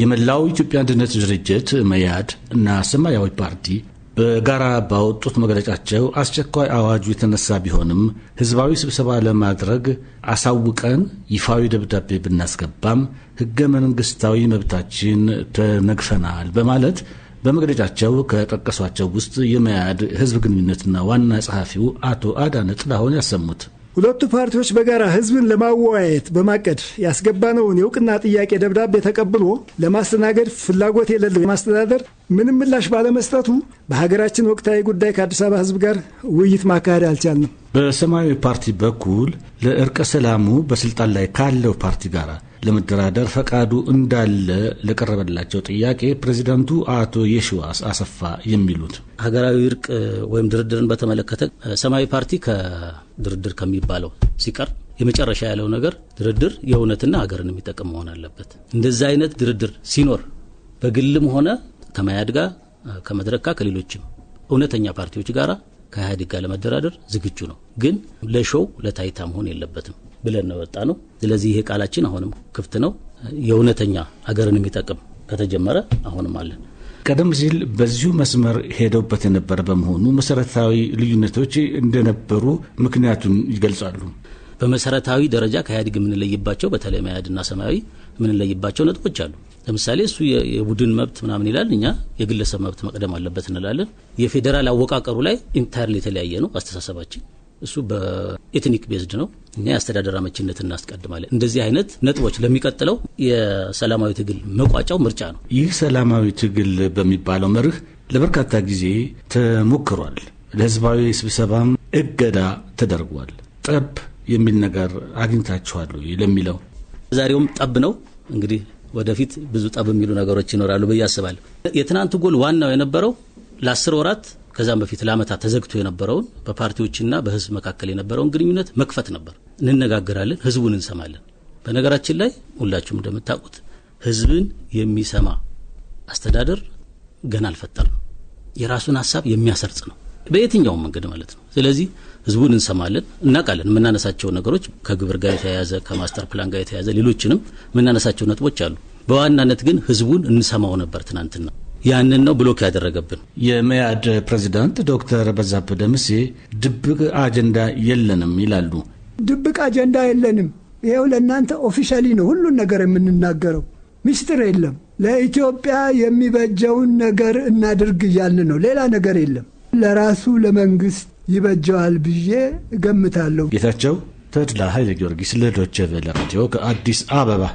የመላው ኢትዮጵያ አንድነት ድርጅት መያድ እና ሰማያዊ ፓርቲ በጋራ ባወጡት መግለጫቸው አስቸኳይ አዋጁ የተነሳ ቢሆንም ህዝባዊ ስብሰባ ለማድረግ አሳውቀን ይፋዊ ደብዳቤ ብናስገባም ህገ መንግስታዊ መብታችን ተነግፈናል በማለት በመግለጫቸው ከጠቀሷቸው ውስጥ የመያድ ህዝብ ግንኙነትና ዋና ጸሐፊው አቶ አዳነ ጥላሁን ያሰሙት ሁለቱ ፓርቲዎች በጋራ ህዝብን ለማወያየት በማቀድ ያስገባነውን የእውቅና ጥያቄ ደብዳቤ ተቀብሎ ለማስተናገድ ፍላጎት የሌለው የማስተዳደር ምንም ምላሽ ባለመስጠቱ በሀገራችን ወቅታዊ ጉዳይ ከአዲስ አበባ ህዝብ ጋር ውይይት ማካሄድ አልቻልንም። በሰማያዊ ፓርቲ በኩል ለእርቀ ሰላሙ በስልጣን ላይ ካለው ፓርቲ ጋር ለመደራደር ፈቃዱ እንዳለ ለቀረበላቸው ጥያቄ ፕሬዚዳንቱ አቶ የሽዋስ አሰፋ የሚሉት ሀገራዊ እርቅ ወይም ድርድርን በተመለከተ ሰማያዊ ፓርቲ ከድርድር ከሚባለው ሲቀር የመጨረሻ ያለው ነገር ድርድር የእውነትና ሀገርን የሚጠቅም መሆን አለበት። እንደዚህ አይነት ድርድር ሲኖር በግልም ሆነ ከመያድ ጋር ከመድረካ ከሌሎችም እውነተኛ ፓርቲዎች ጋር ከኢህአዴግ ጋር ለመደራደር ዝግጁ ነው። ግን ለሾው ለታይታ መሆን የለበትም። ብለን ነው የወጣ ነው። ስለዚህ ይሄ ቃላችን አሁንም ክፍት ነው። የእውነተኛ አገርን የሚጠቅም ከተጀመረ አሁንም አለን። ቀደም ሲል በዚሁ መስመር ሄደውበት የነበረ በመሆኑ መሰረታዊ ልዩነቶች እንደነበሩ ምክንያቱን ይገልጻሉ። በመሰረታዊ ደረጃ ከኢህአዴግ የምንለይባቸው በተለይ መያድና ሰማያዊ የምንለይባቸው ነጥቦች አሉ። ለምሳሌ እሱ የቡድን መብት ምናምን ይላል፣ እኛ የግለሰብ መብት መቅደም አለበት እንላለን። የፌዴራል አወቃቀሩ ላይ ኢንታይርሊ የተለያየ ነው አስተሳሰባችን። እሱ በኤትኒክ ቤዝድ ነው። እኛ የአስተዳደር አመችነት እናስቀድማለን። እንደዚህ አይነት ነጥቦች ለሚቀጥለው የሰላማዊ ትግል መቋጫው ምርጫ ነው። ይህ ሰላማዊ ትግል በሚባለው መርህ ለበርካታ ጊዜ ተሞክሯል። ለህዝባዊ ስብሰባም እገዳ ተደርጓል። ጠብ የሚል ነገር አግኝታችኋሉ ለሚለው ዛሬውም ጠብ ነው እንግዲህ ወደፊት ብዙ ጠብ የሚሉ ነገሮች ይኖራሉ ብዬ አስባለሁ። የትናንት ጎል ዋናው የነበረው ለአስር ወራት ከዛም በፊት ለአመታት ተዘግቶ የነበረውን በፓርቲዎችና በህዝብ መካከል የነበረውን ግንኙነት መክፈት ነበር። እንነጋገራለን፣ ህዝቡን እንሰማለን። በነገራችን ላይ ሁላችሁም እንደምታውቁት ህዝብን የሚሰማ አስተዳደር ገና አልፈጠርም። የራሱን ሀሳብ የሚያሰርጽ ነው በየትኛውም መንገድ ማለት ነው። ስለዚህ ህዝቡን እንሰማለን፣ እናውቃለን። የምናነሳቸው ነገሮች ከግብር ጋር የተያያዘ ከማስተር ፕላን ጋር የተያያዘ ሌሎችንም የምናነሳቸው ነጥቦች አሉ። በዋናነት ግን ህዝቡን እንሰማው ነበር ትናንትና ያንን ነው ብሎክ ያደረገብን። የመያድ ፕሬዚዳንት ዶክተር በዛብህ ደምሴ ድብቅ አጀንዳ የለንም ይላሉ። ድብቅ አጀንዳ የለንም። ይኸው ለእናንተ ኦፊሻሊ ነው ሁሉን ነገር የምንናገረው። ምስጢር የለም። ለኢትዮጵያ የሚበጀውን ነገር እናድርግ እያልን ነው። ሌላ ነገር የለም። ለራሱ ለመንግስት ይበጀዋል ብዬ እገምታለሁ። ጌታቸው ተድላ ኃይለ ጊዮርጊስ ለዶቼ ቬለ ሬዲዮ ከአዲስ አበባ